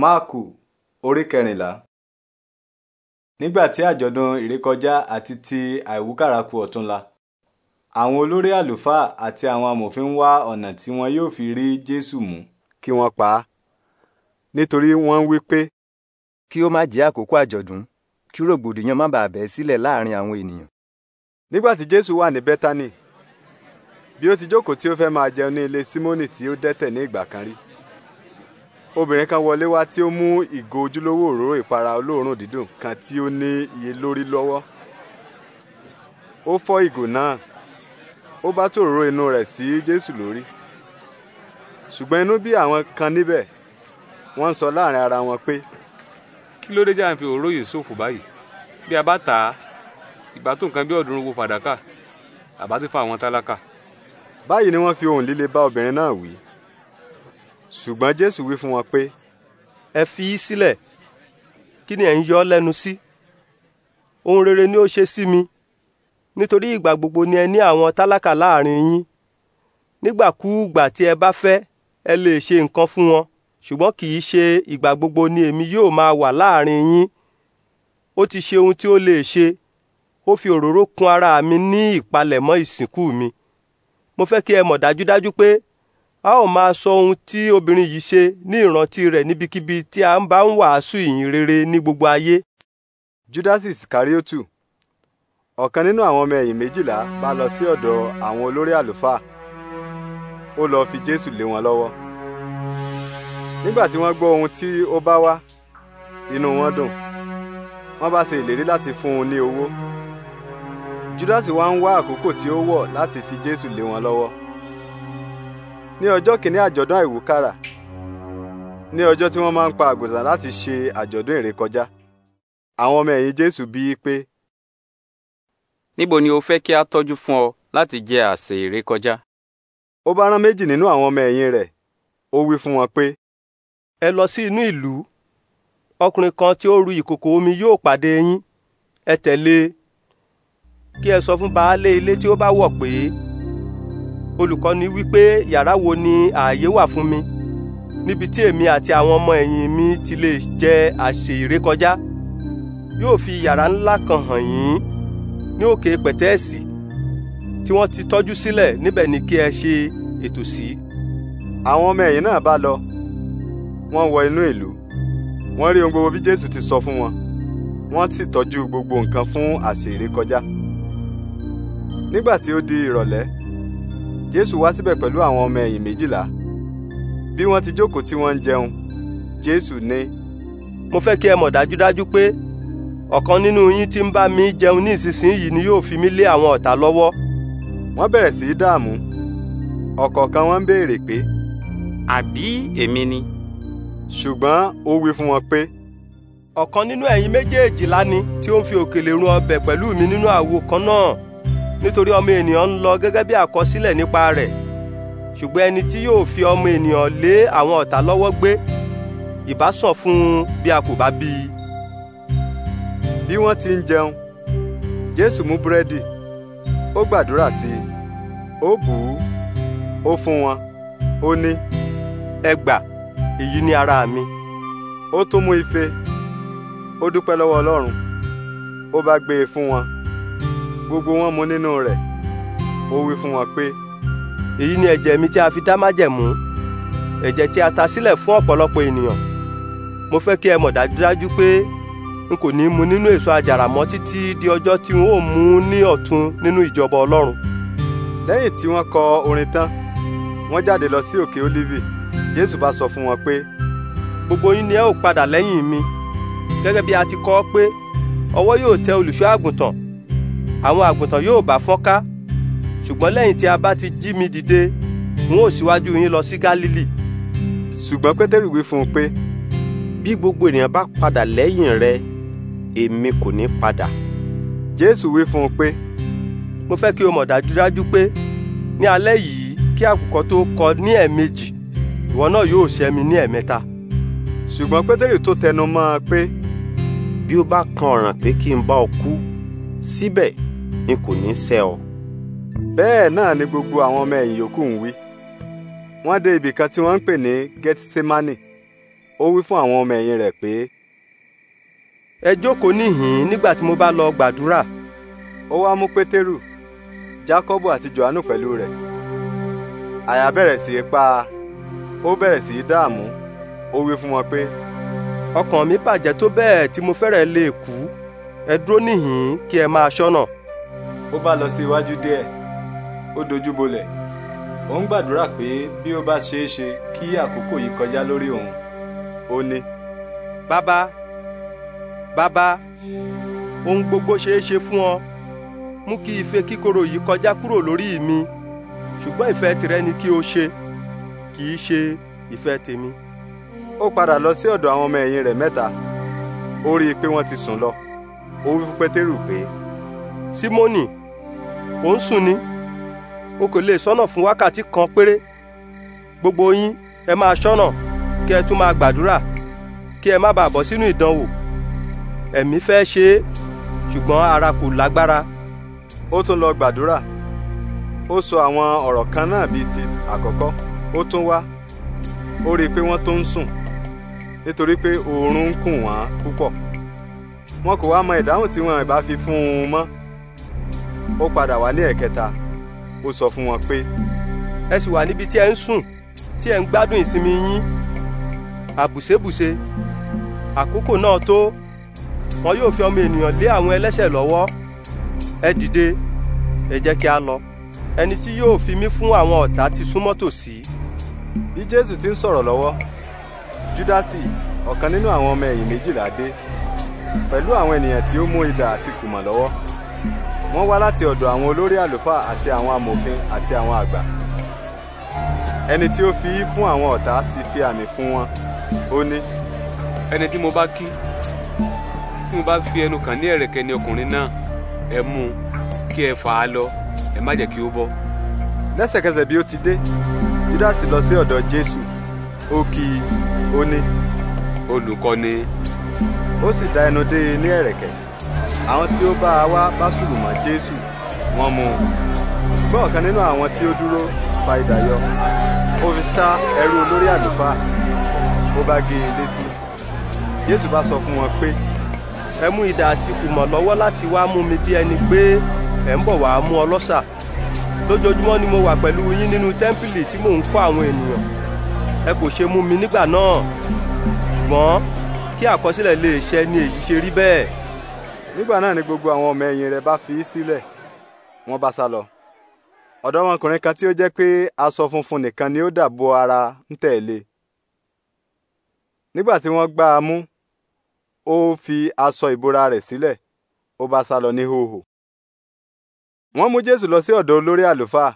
máàkù orí kẹrìnlá nígbà tí àjọ̀dún ìrékọjá àti ti àìwúkàràkù ọ̀túnla àwọn olórí àlùfáà àti àwọn amòfin ń wá ọ̀nà tí wọn yóò fi rí jésù mú kí wọ́n pa á nítorí wọ́n wí pé. kí ó má jẹ́ àkókò àjọ̀dún kí rògbòdìyàn má bàa bẹ́ sílẹ̀ láàrin àwọn ènìyàn. nígbà tí jésù wà ní bẹ́tánì bí ó ti jókòó tí ó fẹ́ máa jẹun ní ilé símónì tí ó dẹ́tẹ̀ ní ìgbà kan rí obìnrin kan wọlé wá tí ó mú ìgò ojúlówó òróró ìpara olóòórùn dídùn kan tí ó ní iye lórí lọ́wọ́ ó fọ́ ìgò náà ó bá tó òróró inú rẹ̀ sí jésù lórí ṣùgbọ́n inú bí àwọn kan níbẹ̀ wọ́n ń sọ láàrin ara wọn pé. kí ló dé tí a ń fi òróró yìí ṣòfò báyìí bí a bá tà á ìgbà tó nǹkan bí ọ̀ọ́dúnrún wo fàdákà àbá ti fa àwọn tálákà. báyìí ni wọ́n fi ohùn líle bá obìnrin náà wí ṣùgbọ́n jésù wí fún wọn pé ẹ fi í sílẹ̀ kí ni ẹ̀ ń yọ ọ́ lẹ́nu sí ohun rere ni ó ṣe sí mi nítorí ìgbà gbogbo ni ẹ ní àwọn tálákà láàrin yín nígbàkúùgbà tí ẹ bá fẹ́ ẹ lè ṣe nǹkan fún wọn ṣùgbọ́n kì í ṣe ìgbà gbogbo ni èmi yóò máa wà láàrin yín ó ti ṣe ohun tí ó lè ṣe ó fi òróró kun ara mi ní ìpalẹ̀mọ́ ìsìnkú mi mo fẹ́ kí ẹ mọ̀ dájúdájú pé a ó máa sọ ohun tí obìnrin yìí ṣe ní ìrántí rẹ̀ níbikíbi tí a bá ń wàásù ìyìn rere ní gbogbo ayé. Júdásì Ìsìkáríótù ọ̀kan nínú àwọn ọmọ ẹ̀yìn méjìlá bá lọ sí ọ̀dọ̀ àwọn olórí àlùfáà ó lọ fi Jésù lé wọn lọ́wọ́ nígbà tí wọ́n gbọ́ ohun tí ó bá wá inú wọn dùn wọ́n bá ṣe ìlérí láti fún un ní owó Júdásì wá ń wá àkókò tí ó wọ̀ láti fi Jésù lé wọn lọ́wọ́ ní ọjọ́ kìíní àjọ̀dún àìwúkàrà ní ọjọ́ tí wọ́n máa ń pa àgùntàn láti ṣe àjọ̀dún ìrékọjá àwọn ọmọ ẹ̀yìn jésù bíi pé. níbo ni o fẹ́ kí a tọ́jú fún ọ láti jẹ àsè ìrékọjá. ó bá rán méjì nínú àwọn ọmọ ẹ̀yìn rẹ̀ ó wí fún wọn pé. ẹ lọ sí inú ìlú ọkùnrin kan tí ó ru ìkòkò omi yóò pàdé yín ẹ tẹ̀lé e. kí ẹ sọ fún baálé ilé tí ó bá wọ̀ pé olùkọ́ni wípé yàrá wo ni ààyè wà fún mi níbi tí èmi àti àwọn ọmọ ẹ̀yìn mi ti lè jẹ àsè ìrékọjá yóò fi yàrá ńlá kan hàn yín ní òkè pẹ̀tẹ́ẹ̀sì tí wọ́n ti tọ́jú sílẹ̀ níbẹ̀ ni kí ẹ ṣe ètò sí. àwọn ọmọ ẹ̀yìn náà bá lọ wọ́n wọ inú ìlú wọ́n rí ohun gbogbo bí jésù ti sọ fún wọn wọ́n sì tọ́jú gbogbo nǹkan fún àsè ìrékọjá nígbà tí ó di ìrọ̀lẹ́ jésù wá síbẹ̀ pẹ̀lú àwọn ọmọ ẹ̀yìn méjìlá bí wọ́n ti jókòó tí wọ́n ń jẹun jésù ní. mo fẹ́ kí ẹ mọ̀ dájúdájú pé ọ̀kan nínú yín tí ń bá mi jẹun ní ìsinsìnyí ni yóò fi mí lé àwọn ọ̀tá lọ́wọ́. wọ́n bẹ̀rẹ̀ sí í dààmú ọ̀kọ̀ọ̀kan wọn ń béèrè pé. àbí èmi ni. ṣùgbọ́n ó wí fún wọn pé. ọ̀kan nínú ẹ̀yin méjèèjìlá ni tí ó ń fi òkèlè run ọbẹ̀ pẹ̀lú mi nínú àwo kan náà nítorí ọmọ ènìyàn ń lọ gẹ́gẹ́ bí àkọsílẹ̀ nípa rẹ̀ ṣùgbọ́n ẹni tí yóò fi ọmọ ènìyàn lé àwọn ọ̀tá lọ́wọ́ gbé ìbá sàn fún un bí a kò bá bí i. bí wọ́n ti ń jẹun jésù mú búrẹ́dì ó gbàdúrà sí i ó bù ú ó fún wọn ó ní ẹ èyí ni ara mi ó tún mú ife ó dúpẹ́ lọ́wọ́ ọlọ́run ó bá gbé e fún wọn gbogbo wọn mu nínú rẹ̀ ó wí fún wọn pé. èyí ni ẹ̀jẹ̀ mi tí a fi dá májẹ̀mú ẹ̀jẹ̀ tí a ta sílẹ̀ fún ọ̀pọ̀lọpọ̀ ènìyàn mo fẹ́ kí ẹ mọ̀ dájúdájú pé n kò ní mu nínú èso àjàrà mọ́ títí di ọjọ́ tí n ó mu ní ọ̀tun nínú ìjọba ọlọ́run. lẹ́yìn tí wọ́n kọ orin tán wọ́n jáde lọ sí òkè olivi jésù bá sọ fún wọn pé gbogbo yín ni ẹ ó padà lẹ́yìn mi gẹ́gẹ́ bí a ti kọ ọ́ pé ọwọ́ yóò tẹ olùṣọ́ àgùntàn àwọn àgùntàn yóò bá fọ́nká ṣùgbọ́n lẹ́yìn tí a bá ti jí mi dìde n ó síwájú yín lọ sí Gálílì. ṣùgbọ́n Pétérù wí fún un pé bí gbogbo ènìyàn bá padà lẹ́yìn rẹ èmi kò ní padà. Jésù wí fún un pé mo fẹ́ kí o mọ̀ dájúdájú pé ní alẹ́ yìí kí àkùkọ tó kọ ní ẹ̀ẹ̀mejì ìwọ náà yóò ṣẹ́ mi ní ẹ̀ẹ̀mẹ́ta. ṣùgbọ́n Pétérù tó tẹnu mọ́ ọ pé bí ó bá kan ọ̀ràn pé kí n bá ọ kú síbẹ̀ n kò ní sẹ́ ọ. bẹ́ẹ̀ náà ni gbogbo àwọn ọmọ ẹ̀yìn yòókù ń wí. wọ́n dé ibì kan tí wọ́n ń pè ní gethsemane. ó wí fún àwọn ọmọ ẹ̀yìn rẹ̀ pé. ẹ jókòó níhìn-ín nígbà tí mo bá lọ gbàdúrà. ó wá mú pétérù jákọ́bù àti jòhánù pẹ̀lú rẹ̀. àyà bẹ̀rẹ̀ sí í pa á ó bẹ̀rẹ̀ sí í dààmú ó wí fún wọn pé. ọkàn mi bàjẹ́ tó bẹ́ẹ̀ tí mo fẹ́rẹ̀ lè kú ẹ dúró níhìn-ín kí ẹ máa ṣọ́nà. ó bá lọ sí iwájú díẹ̀ ó dojú bolẹ̀ ó ń gbàdúrà pé bí ó bá ṣeé ṣe kí àkókò yìí kọjá lórí òun ó ní. bàbá bàbá ohun gbogbo ṣeé ṣe fún ọ mú kí ife kíkorò yìí kọjá kúrò lórí mi ṣùgbọ́n ìfẹ́ tìrẹ ni kí o ṣe kì í ṣe ìfẹ́ tèmi. ó padà lọ sí ọ̀dọ̀ àwọn ọmọ ẹ̀yìn rẹ̀ mẹ́ta ó rí i pé wọ́n ti sùn lọ ó wí fún pétérù pé símónì ò ń sùn ni o kò lè ṣọ́nà fún wákàtí kan péré gbogbo yín ẹ máa ṣọ́nà kí ẹ tún máa gbàdúrà kí ẹ má bàa bọ́ sínú ìdánwò ẹ̀mí fẹ́ ṣe é ṣùgbọ́n ara kò lágbára. ó tún lọ gbàdúrà ó sọ àwọn ọ̀rọ̀ kan náà bíi ti àkọ́kọ́ ó tún wá ó rí i pé wọ́n tó ń sùn nítorí pé oorun ń kùn wọ́n púpọ̀ wọn kò wá mọ ìdáhùn tí wọn ìbá fi fún un mọ́ ó padà wá ní ẹ̀kẹta ó sọ fún wọn pé. ẹ sì wà níbi tí ẹ ń sùn tí ẹ ń gbádùn ìsinmi yín àbùsébùse àkókò náà tó wọn yóò fi ọmọ ènìyàn lé àwọn ẹlẹ́ṣẹ̀ lọ́wọ́ ẹ dìde ẹ jẹ́ kí a lọ ẹni tí yóò fi mí fún àwọn ọ̀tá ti súnmọ́ tòsí. bí jésù ti ń sọ̀rọ̀ lọ́wọ́ júdásì ọ̀kan nínú àwọn ọmọ ẹ̀yìn méjìlá dé pẹ̀lú àwọn ènìyàn tí ó mú idà àti kùmọ̀ lọ́wọ́ wọ́n wá láti ọ̀dọ̀ àwọn olórí àlùfáà àti àwọn amòfin àti àwọn àgbà ẹni tí ó fi í fún àwọn ọ̀tá ti fi àmì fún wọn ó ní. ẹni tí mo bá kí tí mo bá fi ẹnu kàn ní ẹ̀rẹ̀kẹ́ ni ọkùnrin náà ẹ mú un kí ẹ fà á lọ ẹ má jẹ́ kí ó bọ́. lẹ́sẹ̀kẹsẹ̀ bí ó ti dé Júdásì lọ sí ọ̀dọ̀ Jésù ó kí i ó ní. olùkọ́ni ó sì dá ẹnu dé ilé ẹ̀rẹ̀kẹ́ àwọn tí ó bá a wá bá sùlùmọ́ jésù wọ́n mú un ṣùgbọ́n ọ̀kan nínú àwọn tí ó dúró fa idà yọ ó fi ṣá ẹrú olórí àlùfáà ó bá gé e létí jésù bá sọ fún wọn pé ẹ mú idà àti kùmọ̀ lọ́wọ́ láti wá mú mi bí ẹni pé ẹ ń bọ̀ wá mú ọlọ́ṣà lójoojúmọ́ ni mo wà pẹ̀lú yín nínú tẹ́ḿpìlì tí mò ń kọ́ àwọn ènìyàn ẹ kò ṣe mú mi nígbà náà ṣùgbọ́n kí àkọsílẹ̀ lè ṣẹ ni èyí ṣe rí bẹ́ẹ̀. nígbà náà ni gbogbo àwọn ọmọ ẹ̀yìn rẹ̀ bá fi í sílẹ̀ wọ́n bá sá lọ. ọ̀dọ́mọkùnrin kan tí ó jẹ́ pé aṣọ funfun nìkan ni ó dàbò ara ń tẹ̀lé. nígbà tí wọ́n gbá a mú ó fi aṣọ ìbora rẹ̀ sílẹ̀ ó bá sá lọ ní hòhò. wọ́n mú jésù lọ sí ọ̀dọ̀ olórí àlùfáà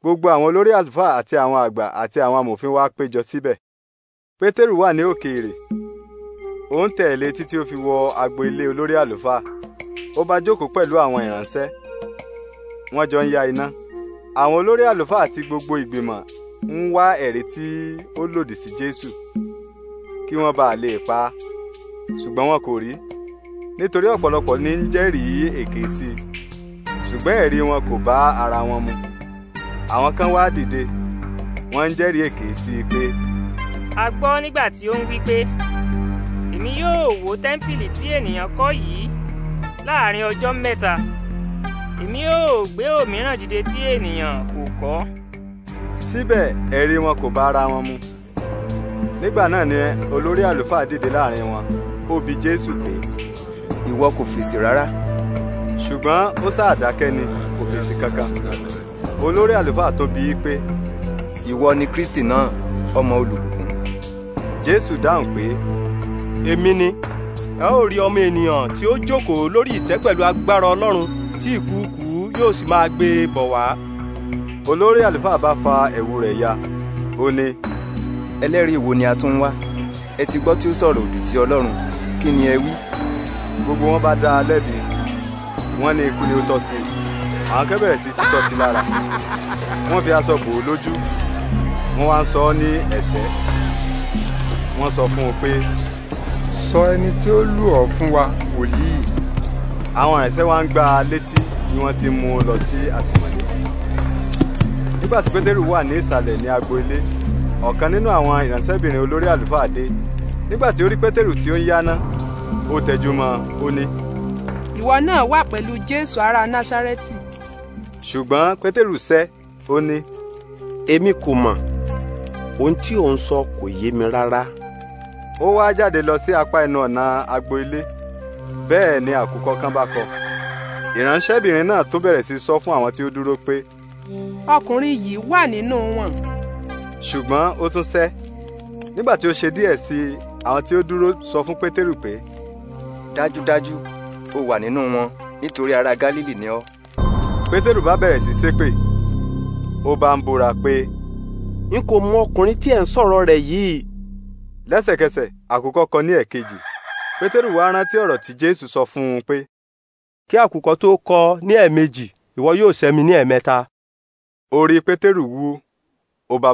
gbogbo àwọn olórí àlùfáà àti àwọn àgbà àti àwọn amòfin wá péjọ síbẹ̀ pétérù wà ní òkèèrè ó ń tẹ̀lé títí ó fi wọ agbo ilé olórí àlùfáà ó bá jókòó pẹ̀lú àwọn ìránṣẹ́ wọ́n jọ ń ya iná àwọn olórí àlùfáà àti gbogbo ìgbìmọ̀ ń wá ẹ̀rí tí ó lòdì sí Jésù kí wọ́n bá lè pa á ṣùgbọ́n wọn kò rí nítorí ọ̀pọ̀lọpọ̀ ní ń jẹ́rìí èké sí i ṣùgbọ́n ẹ̀rí wọn kò bá ara wọn mu àwọn kan wá dìde wọ́n ń jẹ́rìí èké sí i pé. a gbọ́ nígbà tí ó ń wí pé èmi yóò wó tẹ́ḿpìlì tí ènìyàn kọ́ yìí láàrin ọjọ́ mẹ́ta èmi yóò gbé òmíràn dìde tí ènìyàn kò kọ́. síbẹ̀ ẹ̀rí wọn kò bá ara wọn mu nígbà náà ni olórí àlùfáà dìde láàrin wọn ó bi jésù pé ìwọ kò fèsì rárá ṣùgbọ́n ó sáà dákẹ́ ni kò fèsì kankan olórí àlùfáà tó bi í pé ìwọ ni kristi náà ọmọ olùbùkún jésù dáhùn pé èmi ni ẹ ó rí ọmọ ènìyàn tí ó jókòó lórí ìtẹ́ pẹ̀lú agbára ọlọ́run tí ìkúùkù yóò sì máa gbé e bọ̀ wá. olórí àlùfáà bá fa ẹ̀wù rẹ̀ ya ó ní. ẹlẹ́rìí wo ni a tún ń wá ẹ ti gbọ́ tí ó sọ̀rọ̀ òdì sí ọlọ́run kí ni ẹ wí. gbogbo wọn bá dá lẹ́bi wọ́n ní ikú ni ó tọ́ sí i àwọn akẹ́ bẹ̀rẹ̀ sí títọ́ sí lára wọ́n fi aṣọ bò ó lójú wọ́n wá ń sọ ọ́ ní ẹ̀ṣẹ̀ wọ́n sọ fún un pé sọ ẹni tí ó lù ọ́ fún wa wòlíì. àwọn ẹ̀ṣẹ̀ wa ń gba létí ni wọ́n ti mú un lọ sí àtìmọ́lé. nígbà tí pétérù wà ní ìsàlẹ̀ ní agbo ilé ọ̀kan nínú àwọn ìránṣẹ́bìnrin olórí àlùfáà dé nígbà tí ó rí pétérù tí ó ń yáná ó tẹjú ó ní. ìwọ náà wà pẹ̀lú jésù ará násárẹ́tì. ṣùgbọ́n pétérù sẹ́ ó ní. èmi kò mọ̀ ohun tí òun sọ kò yé mi rárá ó wá jáde lọ sí apá ẹnu ọ̀nà agbo ilé bẹ́ẹ̀ ni àkùkọ kan bá kọ ìránṣẹ́bìnrin náà tún bẹ̀rẹ̀ sí sọ fún àwọn tí ó dúró pé. ọkùnrin yìí wà nínú wọn. ṣùgbọ́n ó tún sẹ́ nígbà tí ó ṣe díẹ̀ sí i àwọn tí ó dúró sọ fún pétérù pé. dájúdájú ó wà nínú wọn nítorí ará gálílì ni ọ. pétérù bá bẹ̀rẹ̀ sí ṣépè ó bá ń búra pé. n kò mọ ọkùnrin tí ẹ̀ ń sọ̀rọ̀ rẹ̀ yìí lẹ́sẹ̀kẹsẹ̀ àkùkọ kọ ní ẹ̀kejì pétérù wá rántí ọ̀rọ̀ tí jésù sọ fún un pé. kí àkùkọ tó kọ ní ẹ̀ẹ̀mejì ìwọ yóò sẹ́mi ní ẹ̀ẹ̀mẹ́ta. orí pétérù wú ó bá